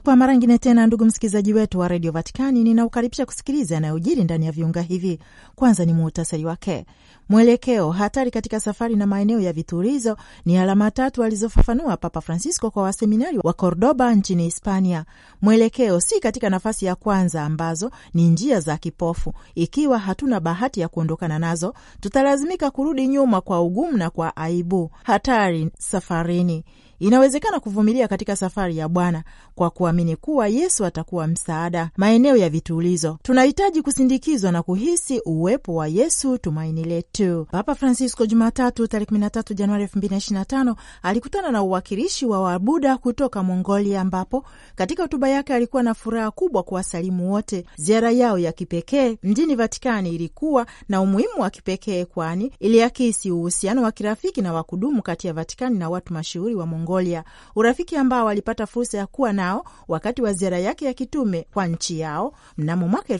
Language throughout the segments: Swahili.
Ni kwa mara ngine tena, ndugu msikilizaji wetu wa redio Vatikani, ninaukaribisha kusikiliza yanayojiri ndani ya viunga hivi. Kwanza ni muhtasari wake. Mwelekeo hatari katika safari na maeneo ya vitulizo ni alama tatu alizofafanua Papa Francisco kwa waseminari wa Cordoba nchini Hispania. Mwelekeo si katika nafasi ya kwanza ambazo ni njia za kipofu. Ikiwa hatuna bahati ya kuondokana nazo, tutalazimika kurudi nyuma kwa ugumu na kwa aibu. Hatari safarini Inawezekana kuvumilia katika safari ya Bwana kwa kuamini kuwa Yesu atakuwa msaada maeneo ya vitulizo. Tunahitaji kusindikizwa na kuhisi uwepo wa Yesu, tumaini letu. Papa Francisco Jumatatu tarehe 13 Januari 2025 alikutana na uwakilishi wa Wabuda kutoka Mongolia, ambapo katika hotuba yake alikuwa na furaha kubwa kuwasalimu wote. Ziara yao ya kipekee mjini Vatikani ilikuwa na umuhimu wa kipekee, kwani iliakisi uhusiano wa kirafiki na wa kudumu kati ya Vatikani na watu mashuhuri wa Mongolia Mongolia, urafiki ambao alipata fursa ya kuwa nao wakati wa ziara yake ya kitume kwa nchi yao mnamo mwaka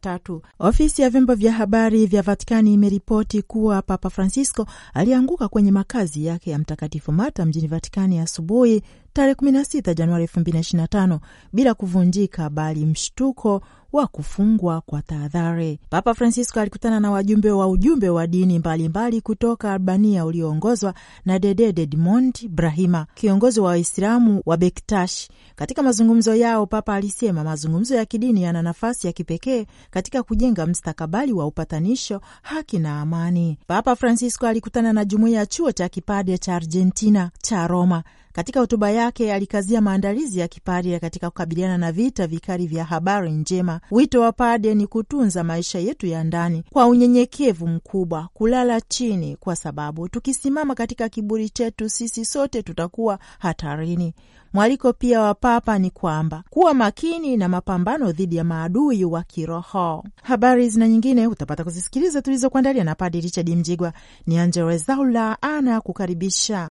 tatu. Ofisi ya vyombo vya habari vya Vatikani imeripoti kuwa Papa Francisco alianguka kwenye makazi yake ya Mtakatifu Marta mjini Vatikani asubuhi tarehe 16 Januari 2025 bila kuvunjika, bali mshtuko wa kufungwa kwa tahadhari. Papa Francisco alikutana na wajumbe wa ujumbe wa dini mbalimbali mbali kutoka Albania ulioongozwa na Dede Dedmond Brahima, kiongozi wa Waislamu wa Bektash. Katika mazungumzo yao, Papa alisema mazungumzo ya kidini yana nafasi ya kipekee katika kujenga mstakabali wa upatanisho, haki na amani. Papa Francisco alikutana na jumuiya ya chuo cha kipade cha Argentina cha Roma katika hotuba yake alikazia maandalizi ya kipadre katika kukabiliana na vita vikali vya habari njema. Wito wa padre ni kutunza maisha yetu ya ndani kwa unyenyekevu mkubwa, kulala chini, kwa sababu tukisimama katika kiburi chetu sisi sote tutakuwa hatarini. Mwaliko pia wa Papa ni kwamba kuwa makini na mapambano dhidi ya maadui wa kiroho. Habari zina nyingine utapata kuzisikiliza tulizokuandalia na padi Richard Mjigwa. Ni Angella Rwezaula ana kukaribisha.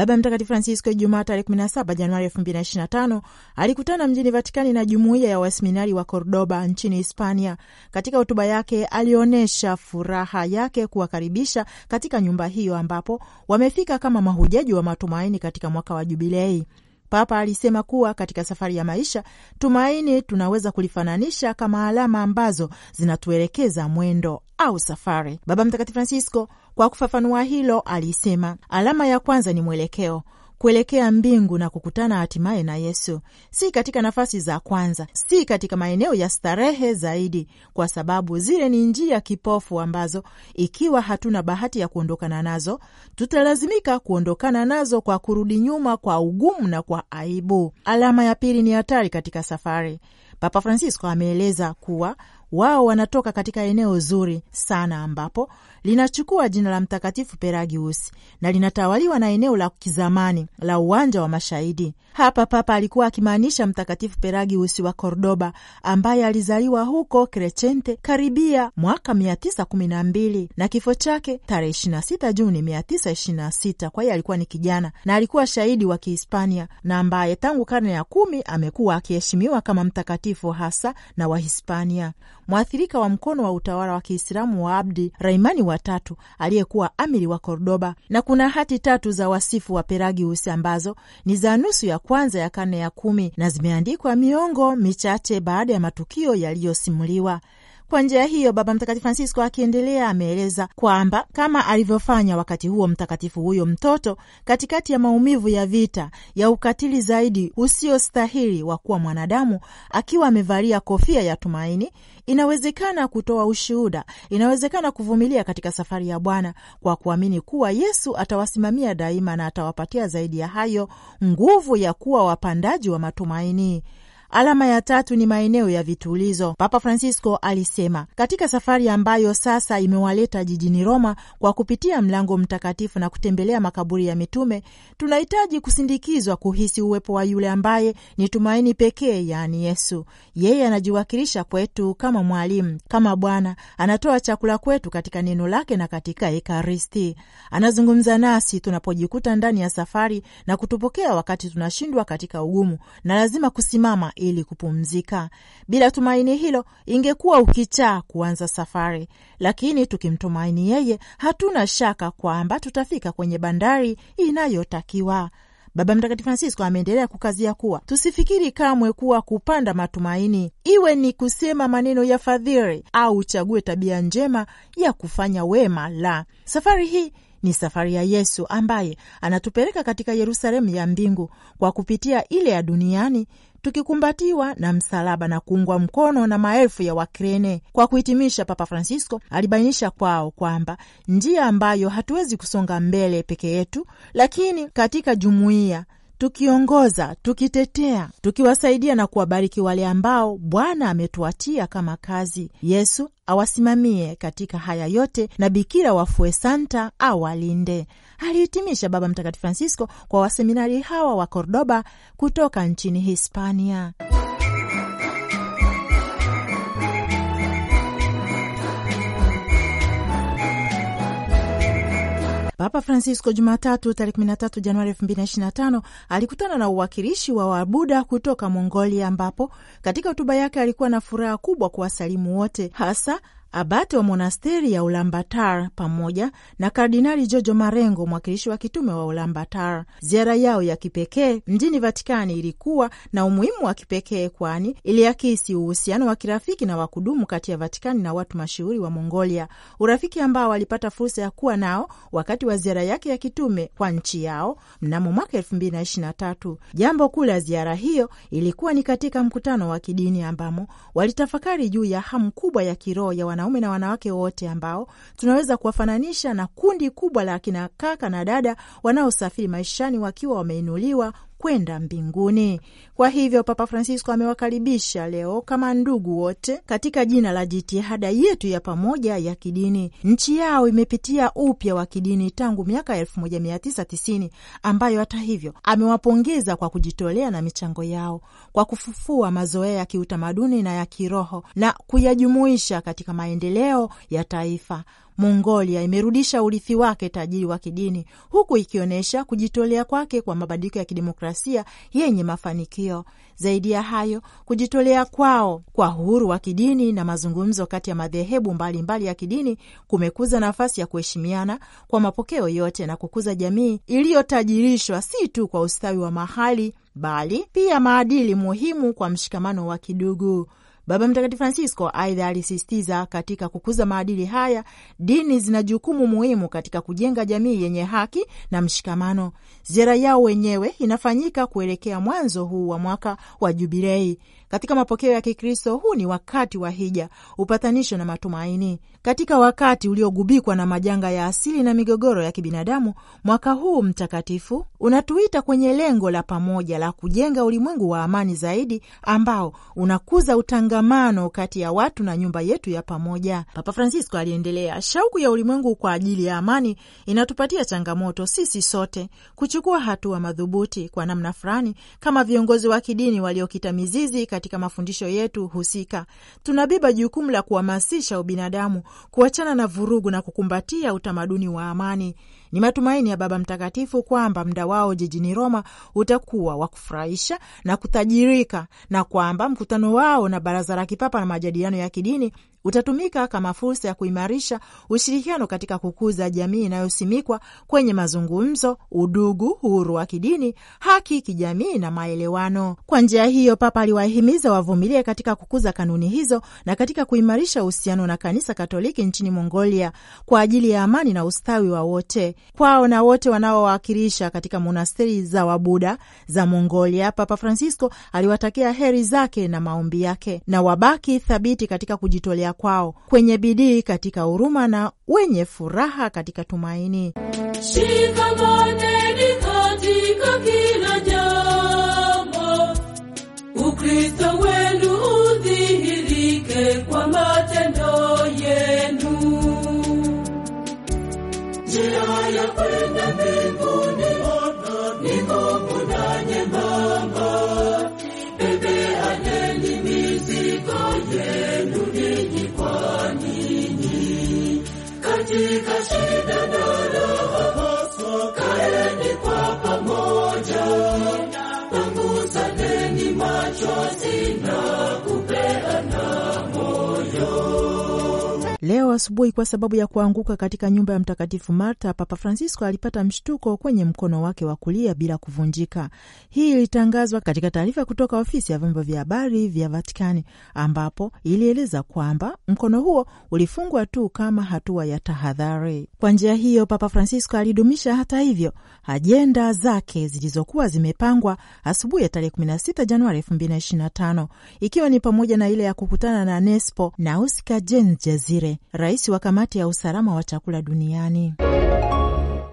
Baba Mtakatifu Francisco Ijumaa tarehe 17 Januari 2025 alikutana mjini Vatikani na jumuiya ya waseminari wa Kordoba nchini Hispania. Katika hotuba yake alionyesha furaha yake kuwakaribisha katika nyumba hiyo ambapo wamefika kama mahujaji wa matumaini katika mwaka wa Jubilei. Papa alisema kuwa katika safari ya maisha, tumaini tunaweza kulifananisha kama alama ambazo zinatuelekeza mwendo au safari. Baba Mtakatifu Francisco kwa kufafanua hilo, alisema alama ya kwanza ni mwelekeo kuelekea mbingu na kukutana hatimaye na Yesu, si katika nafasi za kwanza, si katika maeneo ya starehe zaidi, kwa sababu zile ni njia kipofu ambazo ikiwa hatuna bahati ya kuondokana nazo, tutalazimika kuondokana nazo kwa kurudi nyuma, kwa ugumu na kwa aibu. Alama ya pili ni hatari katika safari. Papa Francisco ameeleza kuwa wao wanatoka katika eneo zuri sana ambapo linachukua jina la Mtakatifu peragiusi na linatawaliwa na eneo la kizamani la uwanja wa Mashahidi. Hapa Papa alikuwa akimaanisha Mtakatifu peragiusi wa Kordoba ambaye alizaliwa huko Krechente karibia mwaka 912 na kifo chake tarehe 26 Juni 926. Kwa hiyo alikuwa ni kijana na alikuwa shahidi wa Kihispania na ambaye tangu karne ya kumi amekuwa akiheshimiwa kama mtakatifu hasa na Wahispania, mwathirika wa mkono wa utawala wa Kiislamu wa Abdi Raimani wa tatu aliyekuwa amiri wa Kordoba, na kuna hati tatu za wasifu wa Peragius ambazo ni za nusu ya kwanza ya karne ya kumi na zimeandikwa miongo michache baada ya matukio yaliyosimuliwa. Kwa njia hiyo, Baba Mtakatifu Francisco akiendelea ameeleza kwamba kama alivyofanya wakati huo mtakatifu huyo mtoto katikati ya maumivu ya vita ya ukatili zaidi usiostahili wa kuwa mwanadamu, akiwa amevalia kofia ya tumaini, inawezekana kutoa ushuhuda, inawezekana kuvumilia katika safari ya Bwana kwa kuamini kuwa Yesu atawasimamia daima na atawapatia zaidi ya hayo nguvu ya kuwa wapandaji wa matumaini. Alama ya tatu ni maeneo ya vitulizo. Papa Francisco alisema katika safari ambayo sasa imewaleta jijini Roma kwa kupitia mlango mtakatifu na kutembelea makaburi ya mitume, tunahitaji kusindikizwa kuhisi uwepo wa yule ambaye ni tumaini pekee, yaani Yesu. Yeye anajiwakilisha kwetu kama mwalimu, kama Bwana, anatoa chakula kwetu katika neno lake na katika Ekaristi. Anazungumza nasi tunapojikuta ndani ya safari na kutupokea wakati tunashindwa katika ugumu na lazima kusimama ili kupumzika. Bila tumaini hilo, ingekuwa ukichaa kuanza safari, lakini tukimtumaini yeye, hatuna shaka kwamba tutafika kwenye bandari inayotakiwa. Baba Mtakatifu Francisco ameendelea kukazia kuwa tusifikiri kamwe kuwa kupanda matumaini, iwe ni kusema maneno ya fadhili au uchague tabia njema ya kufanya wema. La, safari hii ni safari ya Yesu ambaye anatupeleka katika Yerusalemu ya mbingu kwa kupitia ile ya duniani tukikumbatiwa na msalaba na kuungwa mkono na maelfu ya Wakrene. Kwa kuhitimisha, Papa Francisco alibainisha kwao kwamba njia ambayo hatuwezi kusonga mbele peke yetu, lakini katika jumuiya tukiongoza, tukitetea, tukiwasaidia na kuwabariki wale ambao Bwana ametuatia kama kazi. Yesu awasimamie katika haya yote na Bikira wafue santa awalinde, alihitimisha Baba Mtakatifu Francisco kwa waseminari hawa wa Kordoba kutoka nchini Hispania. Papa Francisco Jumatatu tarehe 13 Januari 2025 alikutana na uwakilishi wa Wabuda kutoka Mongolia, ambapo katika hotuba yake alikuwa na furaha kubwa kuwasalimu wote, hasa abate wa monasteri ya Ulambatar pamoja na Kardinali Jojo Marengo, mwakilishi wa kitume wa Ulambatar. Ziara yao ya kipekee mjini Vatikani ilikuwa na umuhimu wa kipekee, kwani iliakisi uhusiano wa kirafiki na wa kudumu kati ya Vatikani na watu mashuhuri wa Mongolia, urafiki ambao walipata fursa ya kuwa nao wakati wa ziara yake ya kitume kwa nchi yao mnamo mwaka elfu mbili na ishirini na tatu. Jambo kuu la ziara hiyo ilikuwa ni katika mkutano wa kidini ambamo walitafakari juu ya hamu kubwa ya kiroho ya wanaume na wanawake wote ambao tunaweza kuwafananisha na kundi kubwa la akina kaka na dada wanaosafiri maishani wakiwa wameinuliwa kwenda mbinguni. Kwa hivyo Papa Francisco amewakaribisha leo kama ndugu wote katika jina la jitihada yetu ya pamoja ya kidini. Nchi yao imepitia upya wa kidini tangu miaka 1990 ambayo hata hivyo amewapongeza kwa kujitolea na michango yao kwa kufufua mazoea ya kiutamaduni na ya kiroho na kuyajumuisha katika maendeleo ya taifa. Mongolia imerudisha urithi wake tajiri wa kidini huku ikionyesha kujitolea kwake kwa mabadiliko ya kidemokrasia yenye mafanikio. Zaidi ya hayo, kujitolea kwao kwa uhuru wa kidini na mazungumzo kati ya madhehebu mbalimbali mbali ya kidini kumekuza nafasi ya kuheshimiana kwa mapokeo yote na kukuza jamii iliyotajirishwa si tu kwa ustawi wa mahali bali pia maadili muhimu kwa mshikamano wa kidugu. Baba Mtakatifu Francisco aidha alisisitiza katika kukuza maadili haya, dini zina jukumu muhimu katika kujenga jamii yenye haki na mshikamano. Ziara yao wenyewe inafanyika kuelekea mwanzo huu wa mwaka wa Jubilei. Katika mapokeo ya Kikristo, huu ni wakati wa hija, upatanisho na matumaini. Katika wakati uliogubikwa na majanga ya asili na migogoro ya kibinadamu, mwaka huu mtakatifu unatuita kwenye lengo la pamoja la kujenga ulimwengu wa amani zaidi ambao unakuza utanga mshikamano kati ya watu na nyumba yetu ya pamoja. Papa Francisco aliendelea, shauku ya ulimwengu kwa ajili ya amani inatupatia changamoto sisi sote kuchukua hatua madhubuti, kwa namna fulani, kama viongozi wa kidini waliokita mizizi katika mafundisho yetu husika. Tunabeba jukumu la kuhamasisha ubinadamu, kuachana na vurugu na kukumbatia utamaduni wa amani. Ni matumaini ya Baba Mtakatifu kwamba muda wao jijini Roma utakuwa wa kufurahisha na kutajirika na kwamba mkutano wao na Baraza la Kipapa na Majadiliano ya Kidini utatumika kama fursa ya kuimarisha ushirikiano katika kukuza jamii inayosimikwa kwenye mazungumzo, udugu, uhuru wa kidini, haki kijamii na maelewano. Kwa njia hiyo, Papa aliwahimiza wavumilie katika kukuza kanuni hizo na katika kuimarisha uhusiano na Kanisa Katoliki nchini Mongolia kwa ajili ya amani na ustawi wa wote kwao na wote wanaowawakilisha katika monasteri za Wabuda za Mongolia. Papa Francisco aliwatakia heri zake na maombi yake na wabaki thabiti katika kujitolea kuja kwao kwenye bidii katika huruma na wenye furaha katika tumaini Shikamote. Leo asubuhi kwa sababu ya kuanguka katika nyumba ya Mtakatifu Marta, Papa Francisco alipata mshtuko kwenye mkono wake wa kulia bila kuvunjika. Hii ilitangazwa katika taarifa kutoka ofisi ya vyombo vya habari vya Vatikani, ambapo ilieleza kwamba mkono huo ulifungwa tu kama hatua ya tahadhari. Kwa njia hiyo, Papa Francisco alidumisha hata hivyo ajenda zake zilizokuwa zimepangwa asubuhi ya tarehe 16 Januari 2025 ikiwa ni pamoja na ile ya kukutana na Nespo na Uska Jen Jazire rais wa kamati ya usalama wa chakula duniani.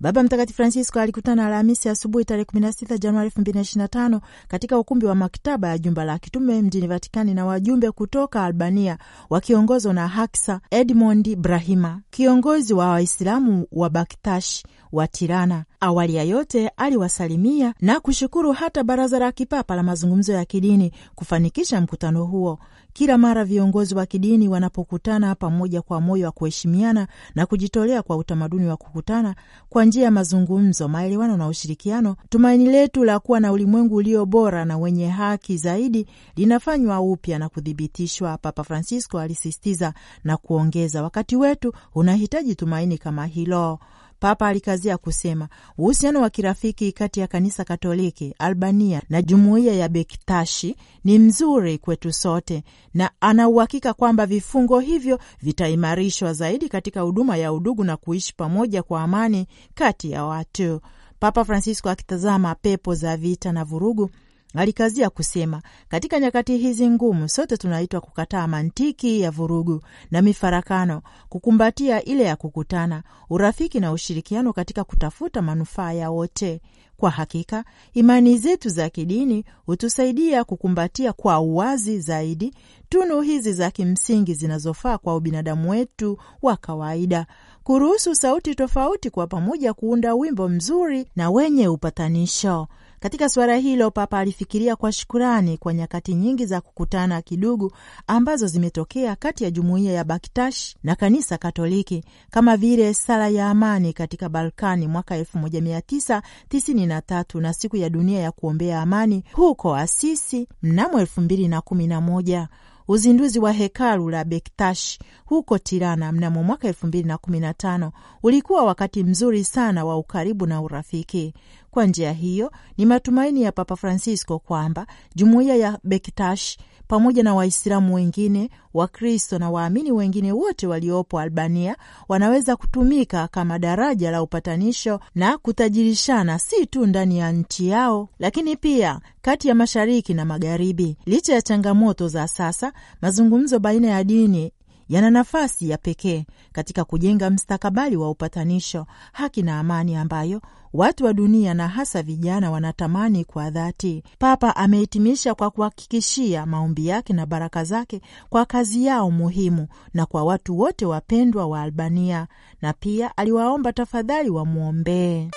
Baba Mtakatifu Francisco alikutana Alhamisi asubuhi tarehe 16 Januari 2025 katika ukumbi wa maktaba ya jumba la kitume mjini Vatikani na wajumbe kutoka Albania wakiongozwa na Haksa Edmond Brahima, kiongozi wa Waislamu wa Baktashi wa Tirana. Awali ya yote aliwasalimia na kushukuru hata baraza la kipapa la mazungumzo ya kidini kufanikisha mkutano huo. Kila mara viongozi wa kidini wanapokutana pamoja kwa moyo wa kuheshimiana na kujitolea kwa utamaduni wa kukutana kwa njia ya mazungumzo, maelewano na ushirikiano, tumaini letu la kuwa na ulimwengu ulio bora na wenye haki zaidi linafanywa upya na kuthibitishwa, Papa Francisco alisisitiza na kuongeza, wakati wetu unahitaji tumaini kama hilo. Papa alikazia kusema uhusiano wa kirafiki kati ya kanisa Katoliki Albania na jumuiya ya Bektashi ni mzuri kwetu sote, na anauhakika kwamba vifungo hivyo vitaimarishwa zaidi katika huduma ya udugu na kuishi pamoja kwa amani kati ya watu. Papa Francisco akitazama pepo za vita na vurugu Alikazia kusema, katika nyakati hizi ngumu, sote tunaitwa kukataa mantiki ya vurugu na mifarakano, kukumbatia ile ya kukutana, urafiki na ushirikiano katika kutafuta manufaa ya wote. Kwa hakika imani zetu za kidini hutusaidia kukumbatia kwa uwazi zaidi tunu hizi za kimsingi zinazofaa kwa ubinadamu wetu wa kawaida, kuruhusu sauti tofauti kwa pamoja kuunda wimbo mzuri na wenye upatanisho. Katika suala hilo, Papa alifikiria kwa shukurani kwa nyakati nyingi za kukutana kidugu ambazo zimetokea kati ya jumuiya ya Baktash na kanisa Katoliki, kama vile sala ya amani katika Balkani mwaka 1993 na siku ya dunia ya kuombea amani huko Asisi mnamo 2011 uzinduzi wa hekalu la Bektash huko Tirana mnamo mwaka elfu mbili na kumi na tano ulikuwa wakati mzuri sana wa ukaribu na urafiki. Kwa njia hiyo, ni matumaini ya Papa Francisco kwamba jumuiya ya Bektash pamoja na Waislamu wengine, Wakristo na waamini wengine wote waliopo Albania wanaweza kutumika kama daraja la upatanisho na kutajirishana, si tu ndani ya nchi yao, lakini pia kati ya mashariki na magharibi. Licha ya changamoto za sasa, mazungumzo baina ya dini yana nafasi ya pekee katika kujenga mstakabali wa upatanisho, haki na amani ambayo watu wa dunia na hasa vijana wanatamani kwa dhati. Papa amehitimisha kwa kuhakikishia maombi yake na baraka zake kwa kazi yao muhimu na kwa watu wote wapendwa wa Albania, na pia aliwaomba tafadhali wamwombee.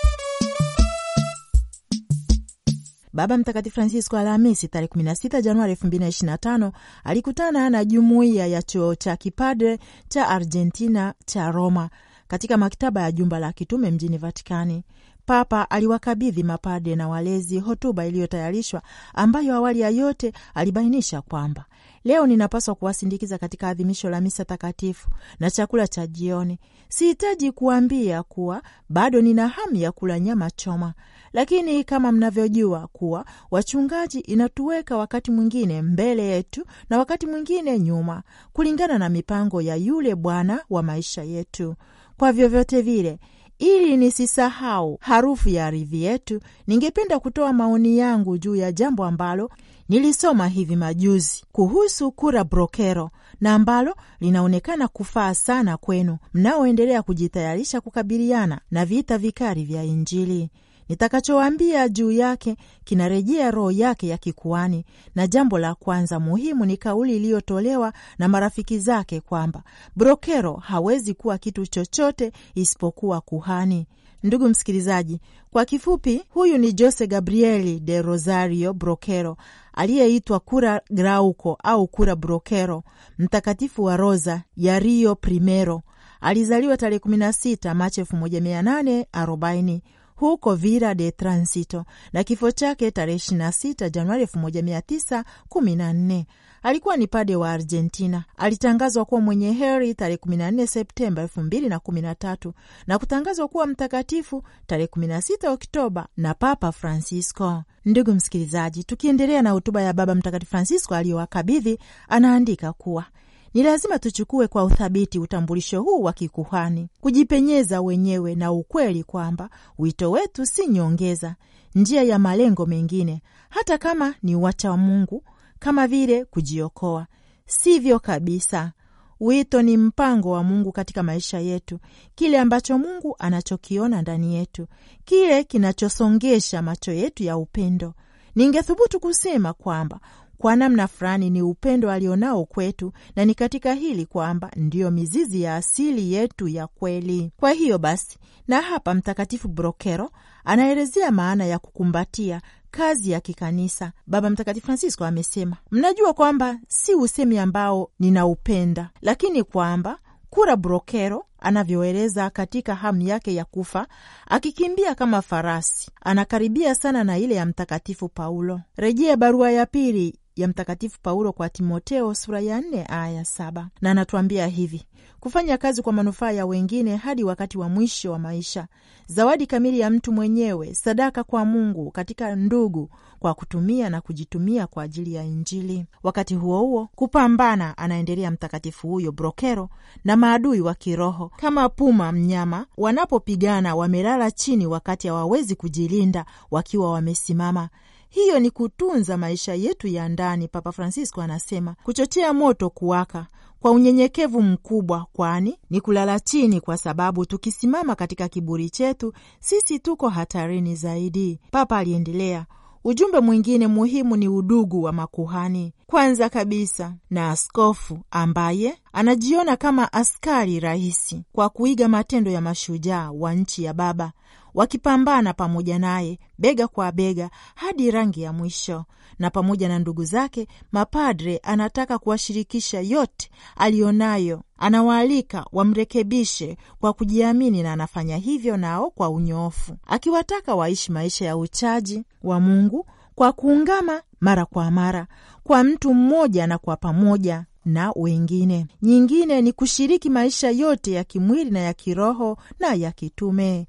Baba Mtakatifu Francisco Alhamisi tarehe 16 Januari 2025 alikutana na jumuiya ya chuo cha kipadre cha Argentina cha Roma katika maktaba ya jumba la kitume mjini Vatikani. Papa aliwakabidhi mapadre na walezi hotuba iliyotayarishwa ambayo awali ya yote alibainisha kwamba Leo ninapaswa kuwasindikiza katika adhimisho la misa takatifu na chakula cha jioni. Sihitaji kuambia kuwa bado nina hamu ya kula nyama choma, lakini kama mnavyojua kuwa wachungaji, inatuweka wakati mwingine mbele yetu na wakati mwingine nyuma, kulingana na mipango ya yule Bwana wa maisha yetu. Kwa vyovyote vile ili nisisahau harufu ya ardhi yetu, ningependa kutoa maoni yangu juu ya jambo ambalo Nilisoma hivi majuzi kuhusu kura brokero na ambalo linaonekana kufaa sana kwenu mnaoendelea kujitayarisha kukabiliana na vita vikali vya Injili. Nitakachowaambia juu yake kinarejea roho yake ya kikuani, na jambo la kwanza muhimu ni kauli iliyotolewa na marafiki zake kwamba brokero hawezi kuwa kitu chochote isipokuwa kuhani. Ndugu msikilizaji, kwa kifupi, huyu ni Jose Gabrieli de Rosario Brokero aliyeitwa Kura Grauco au Kura Brokero, mtakatifu wa Rosa ya Rio Primero. Alizaliwa tarehe 16 Machi 1840 huko Vira de Transito na kifo chake tarehe 26 Januari 1914. Alikuwa ni pade wa Argentina. Alitangazwa kuwa mwenye heri tarehe 14 Septemba 2013 na kutangazwa kuwa mtakatifu tarehe 16 Oktoba na Papa Francisco. Ndugu msikilizaji, tukiendelea na hotuba ya Baba Mtakatifu Francisco aliyowakabidhi, anaandika kuwa ni lazima tuchukue kwa uthabiti utambulisho huu wa kikuhani, kujipenyeza wenyewe na ukweli kwamba wito wetu si nyongeza, njia ya malengo mengine, hata kama ni wacha wa Mungu, kama vile kujiokoa. Sivyo kabisa. Wito ni mpango wa Mungu katika maisha yetu, kile ambacho Mungu anachokiona ndani yetu, kile kinachosongesha macho yetu ya upendo. Ningethubutu kusema kwamba kwa namna fulani ni upendo alionao kwetu, na ni katika hili kwamba ndiyo mizizi ya asili yetu ya kweli. Kwa hiyo basi, na hapa Mtakatifu Brokero anaelezea maana ya kukumbatia kazi ya kikanisa. Baba Mtakatifu Francisco amesema, mnajua kwamba si usemi ambao ninaupenda, lakini kwamba kura Brokero anavyoeleza katika hamu yake ya kufa akikimbia kama farasi, anakaribia sana na ile ya Mtakatifu Paulo. Rejea barua ya pili ya Mtakatifu Paulo kwa Timoteo sura ya nne aya saba na anatuambia hivi: kufanya kazi kwa manufaa ya wengine hadi wakati wa mwisho wa maisha, zawadi kamili ya mtu mwenyewe, sadaka kwa Mungu katika ndugu, kwa kutumia na kujitumia kwa ajili ya Injili. Wakati huo huo, kupambana, anaendelea mtakatifu huyo Brokero, na maadui wa kiroho kama puma mnyama, wanapopigana wamelala chini, wakati hawawezi kujilinda wakiwa wamesimama hiyo ni kutunza maisha yetu ya ndani. Papa Francisco anasema kuchochea moto kuwaka kwa unyenyekevu mkubwa, kwani ni kulala chini, kwa sababu tukisimama katika kiburi chetu sisi tuko hatarini zaidi. Papa aliendelea, ujumbe mwingine muhimu ni udugu wa makuhani kwanza kabisa na askofu ambaye anajiona kama askari rahisi kwa kuiga matendo ya mashujaa wa nchi ya baba, wakipambana pamoja naye bega kwa bega hadi rangi ya mwisho. Na pamoja na ndugu zake mapadre, anataka kuwashirikisha yote aliyonayo. Anawaalika wamrekebishe kwa kujiamini, na anafanya hivyo nao kwa unyoofu, akiwataka waishi maisha ya uchaji wa Mungu kwa kuungama mara kwa mara kwa mtu mmoja na kwa pamoja na wengine. Nyingine ni kushiriki maisha yote ya kimwili na ya kiroho na ya kitume.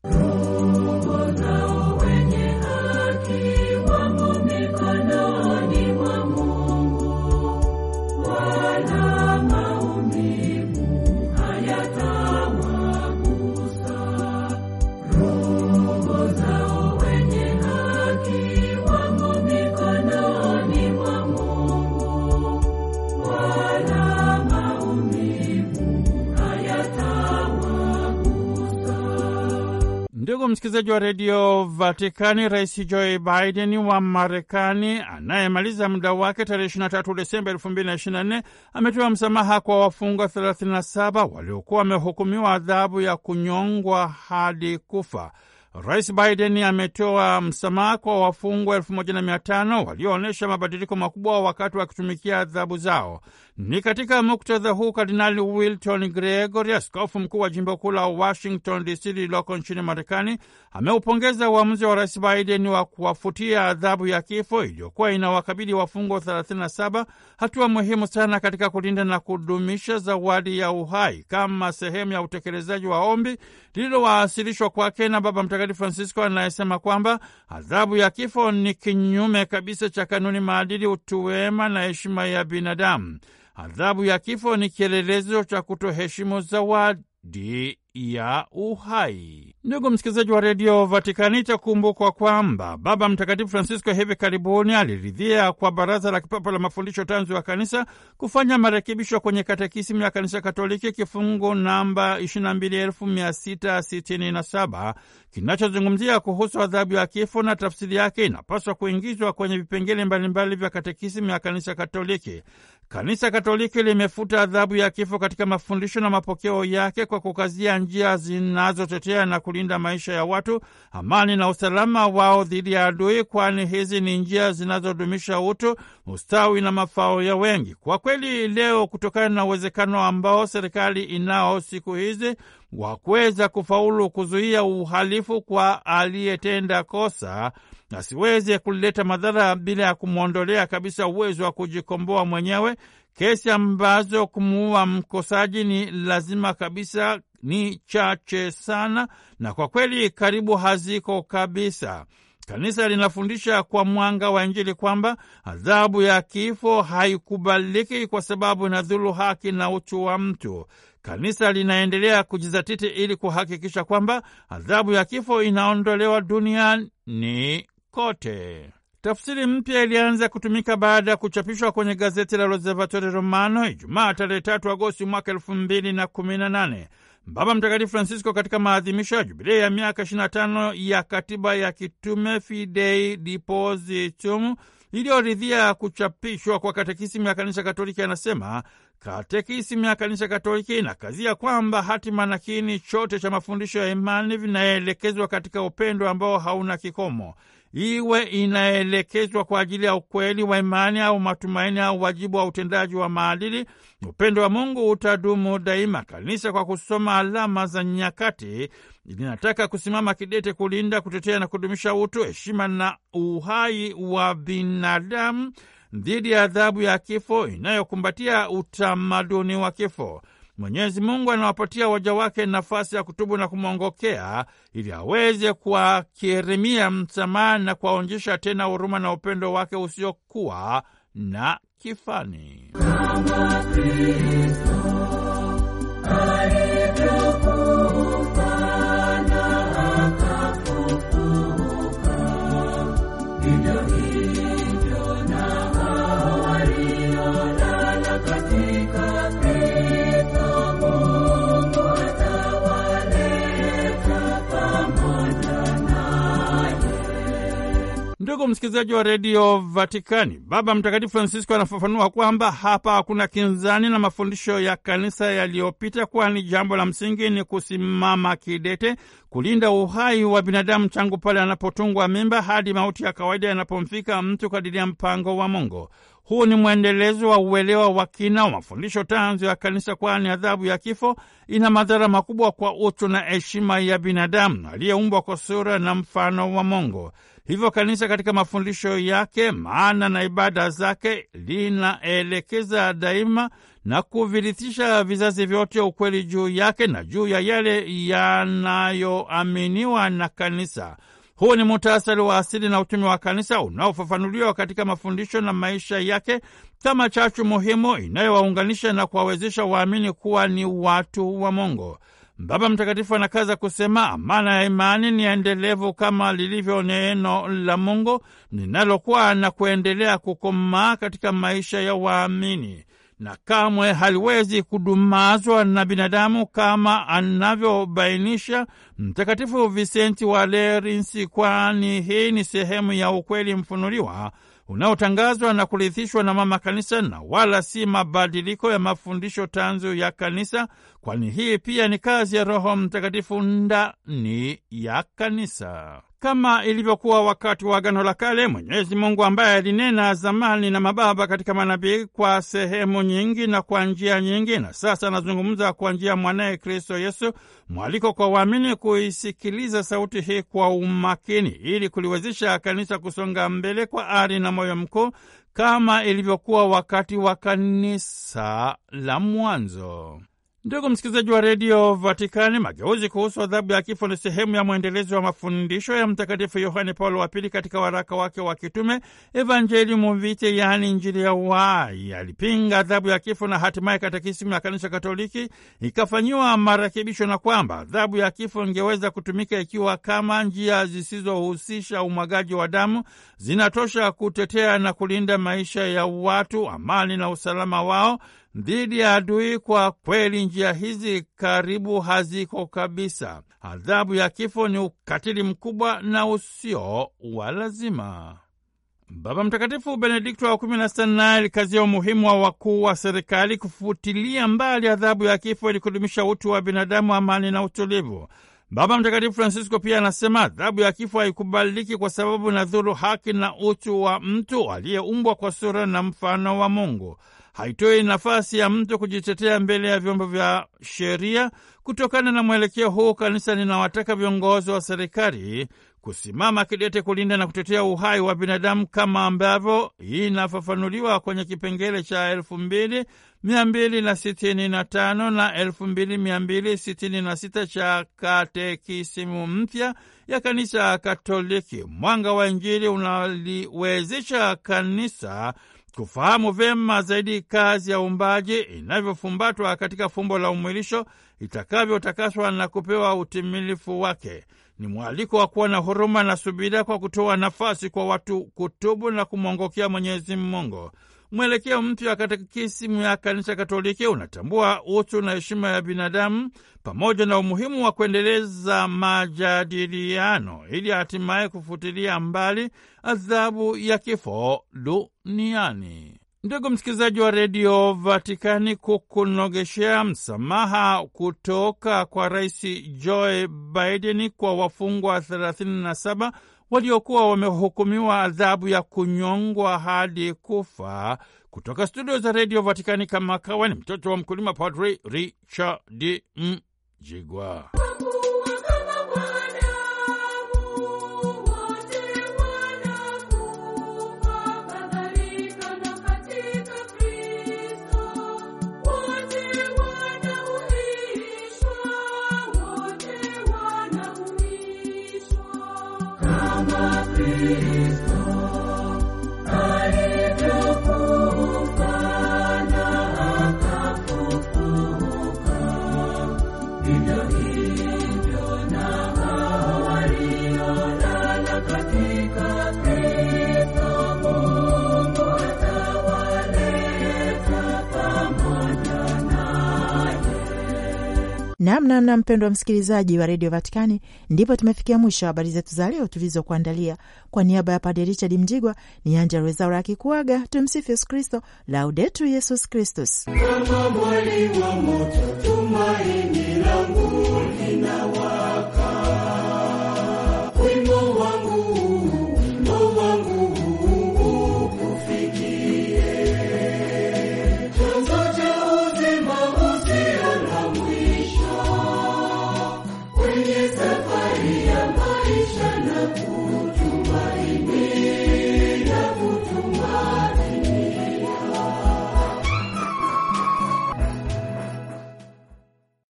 msikilizaji wa redio Vatikani, Rais Joe Biden wa Marekani anayemaliza muda wake tarehe 23 Desemba 2024 ametoa msamaha kwa wafungwa 37 waliokuwa wamehukumiwa adhabu ya kunyongwa hadi kufa. Rais Biden ametoa msamaha kwa wafungwa 1500 walioonyesha mabadiliko makubwa wakati wakitumikia adhabu zao. Ni katika muktadha huu Kardinali Wilton Gregory, askofu mkuu wa jimbo kuu la Washington DC lililoko nchini Marekani, ameupongeza uamuzi wa Rais Biden wa kuwafutia adhabu ya kifo iliyokuwa inawakabili wafungwa 37, hatua muhimu sana katika kulinda na kudumisha zawadi ya uhai kama sehemu ya utekelezaji wa ombi lililowasilishwa kwake na Baba Mtakatifu Francisco, anayesema kwamba adhabu ya kifo ni kinyume kabisa cha kanuni, maadili, utu wema na heshima ya binadamu. Adhabu ya kifo ni kielelezo cha kutoheshimu zawadi ya uhai. Ndugu msikilizaji wa redio Vatikani, itakumbukwa kwamba Baba Mtakatifu Francisco hivi karibuni aliridhia kwa Baraza la Kipapa la Mafundisho Tanzu ya Kanisa kufanya marekebisho kwenye Katekisimu ya Kanisa Katoliki kifungu namba 22667 kinachozungumzia kuhusu adhabu ya kifo, na tafsiri yake inapaswa kuingizwa kwenye vipengele mbalimbali vya Katekisimu ya Kanisa Katoliki. Kanisa Katoliki limefuta adhabu ya kifo katika mafundisho na mapokeo yake kwa kukazia njia zinazotetea na kulinda maisha ya watu, amani na usalama wao dhidi ya adui, kwani hizi ni njia zinazodumisha utu, ustawi na mafao ya wengi. Kwa kweli, leo kutokana na uwezekano ambao serikali inao siku hizi wa kuweza kufaulu kuzuia uhalifu kwa aliyetenda kosa asiweze kulileta madhara bila ya kumwondolea kabisa uwezo wa kujikomboa mwenyewe. Kesi ambazo kumuua mkosaji ni lazima kabisa ni chache sana, na kwa kweli karibu haziko kabisa. Kanisa linafundisha kwa mwanga wa Injili kwamba adhabu ya kifo haikubaliki kwa sababu inadhulu haki na utu wa mtu. Kanisa linaendelea kujizatiti ili kuhakikisha kwamba adhabu ya kifo inaondolewa duniani kote. Tafsiri mpya ilianza kutumika baada ya kuchapishwa kwenye gazeti la L'Osservatore Romano Ijumaa tarehe tatu Agosti mwaka elfu mbili na kumi na nane. Baba Mtakatifu Francisco katika maadhimisho ya jubilei ya miaka 25 ya katiba ya kitume Fidei Depositum iliyoridhia kuchapishwa kwa katekisimu ya kanisa Katoliki anasema katekisi ya Kanisa Katoliki inakazia kwamba hatima na kiini chote cha mafundisho ya imani vinaelekezwa katika upendo ambao hauna kikomo, iwe inaelekezwa kwa ajili ya ukweli wa imani au matumaini au wajibu wa utendaji wa maadili. Upendo wa Mungu utadumu daima. Kanisa, kwa kusoma alama za nyakati, linataka kusimama kidete kulinda, kutetea na kudumisha utu, heshima na uhai wa binadamu dhidi ya adhabu ya kifo inayokumbatia utamaduni wa kifo. Mwenyezi Mungu anawapatia waja wake nafasi ya kutubu na kumwongokea ili aweze kuwakirimia msamaha na kuwaonjesha tena huruma na upendo wake usiokuwa na kifani kama Kristo. Ndugu msikilizaji wa redio Vatikani, Baba Mtakatifu Francisco anafafanua kwamba hapa hakuna kinzani na mafundisho ya kanisa yaliyopita, kwani jambo la msingi ni kusimama kidete kulinda uhai wa binadamu tangu pale anapotungwa mimba hadi mauti ya kawaida yanapomfika mtu kadiri ya mpango wa Mungu. Huu ni mwendelezo wa uelewa wa kina wa mafundisho tanzu ya Kanisa, kwani adhabu ya kifo ina madhara makubwa kwa utu na heshima ya binadamu aliyeumbwa kwa sura na mfano wa Mungu. Hivyo Kanisa katika mafundisho yake, maana na ibada zake linaelekeza daima na kuvirithisha vizazi vyote ukweli juu yake na juu ya yale yanayoaminiwa na Kanisa. Huu ni muhtasari wa asili na utumi wa kanisa unaofafanuliwa katika mafundisho na maisha yake kama chachu muhimu inayowaunganisha na kuwawezesha waamini kuwa ni watu wa Mungu. Baba Mtakatifu anakaza kusema amana ya imani ni endelevu kama lilivyo neno la Mungu linalokuwa na kuendelea kukomaa katika maisha ya waamini na kamwe haliwezi kudumazwa na binadamu kama anavyobainisha Mtakatifu Visenti wa lerinsi kwani hii ni sehemu ya ukweli mfunuliwa unaotangazwa na kurithishwa na mama kanisa na wala si mabadiliko ya mafundisho tanzu ya kanisa, kwani hii pia ni kazi ya Roho Mtakatifu ndani ya kanisa. Kama ilivyokuwa wakati wa Agano la Kale, Mwenyezi Mungu ambaye alinena zamani na mababa katika manabii kwa sehemu nyingi na kwa njia nyingi, na sasa anazungumza kwa njia mwanaye Kristo Yesu, mwaliko kwa waamini ku kuisikiliza sauti hii kwa umakini ili kuliwezesha kanisa kusonga mbele kwa ari na moyo mkuu kama ilivyokuwa wakati wa kanisa la mwanzo. Ndugu msikilizaji wa redio Vatikani, mageuzi kuhusu adhabu ya kifo ni sehemu ya mwendelezo wa mafundisho ya Mtakatifu Yohane Paulo wa Pili katika waraka wake wa kitume Evangelium Vitae, yaani Injili ya uhai. Alipinga adhabu ya kifo na hatimaye katekisimu ya Kanisa Katoliki ikafanyiwa marekebisho, na kwamba adhabu ya kifo ingeweza kutumika ikiwa kama njia zisizohusisha umwagaji wa damu zinatosha kutetea na kulinda maisha ya watu, amani na usalama wao dhidi ya adui. Kwa kweli njia hizi karibu haziko kabisa. Adhabu ya kifo ni ukatili mkubwa na usio wa lazima. Baba Mtakatifu Benedikto wa kumi na sita alikazia umuhimu wa wakuu wa serikali kufutilia mbali adhabu ya kifo ili kudumisha utu wa binadamu, amani na utulivu. Baba Mtakatifu Francisco pia anasema adhabu ya kifo haikubaliki kwa sababu na dhuru haki na utu wa mtu aliyeumbwa kwa sura na mfano wa Mungu haitoi nafasi ya mtu kujitetea mbele ya vyombo vya sheria. Kutokana na mwelekeo huu, kanisa linawataka viongozi wa serikali kusimama kidete kulinda na kutetea uhai wa binadamu kama ambavyo inafafanuliwa kwenye kipengele cha elfu mbili mia mbili na sitini na tano na elfu mbili mia mbili sitini na sita cha katekisimu mpya ya kanisa Katoliki. Mwanga wa Injili unaliwezesha kanisa kufahamu vyema zaidi kazi ya uumbaji inavyofumbatwa katika fumbo la umwilisho, itakavyotakaswa na kupewa utimilifu wake. Ni mwaliko wa kuwa na huruma na subira, kwa kutoa nafasi kwa watu kutubu na kumwongokea Mwenyezi Mungu. Mwelekeo mpya wa katekisimu ya Kanisa Katoliki unatambua utu na heshima ya binadamu pamoja na umuhimu wa kuendeleza majadiliano ili hatimaye kufutilia mbali adhabu ya kifo duniani. Ndugu msikilizaji wa redio Vatikani, kukunogeshea msamaha kutoka kwa rais Joe Biden kwa wafungwa 37 waliokuwa wamehukumiwa adhabu ya kunyongwa hadi kufa. Kutoka studio za redio Vatikani, kama kawa ni mtoto wa mkulima, Padri Richard Mjigwa. Namnamna mpendwa msikilizaji wa redio Vatikani, ndipo tumefikia mwisho habari zetu za leo tulizokuandalia. Kwa, kwa niaba ya Padre Richard Mjigwa ni Anja Rezaura akikuaga. Tumsifu Yesu Kristo, Laudetu Yesus Kristus.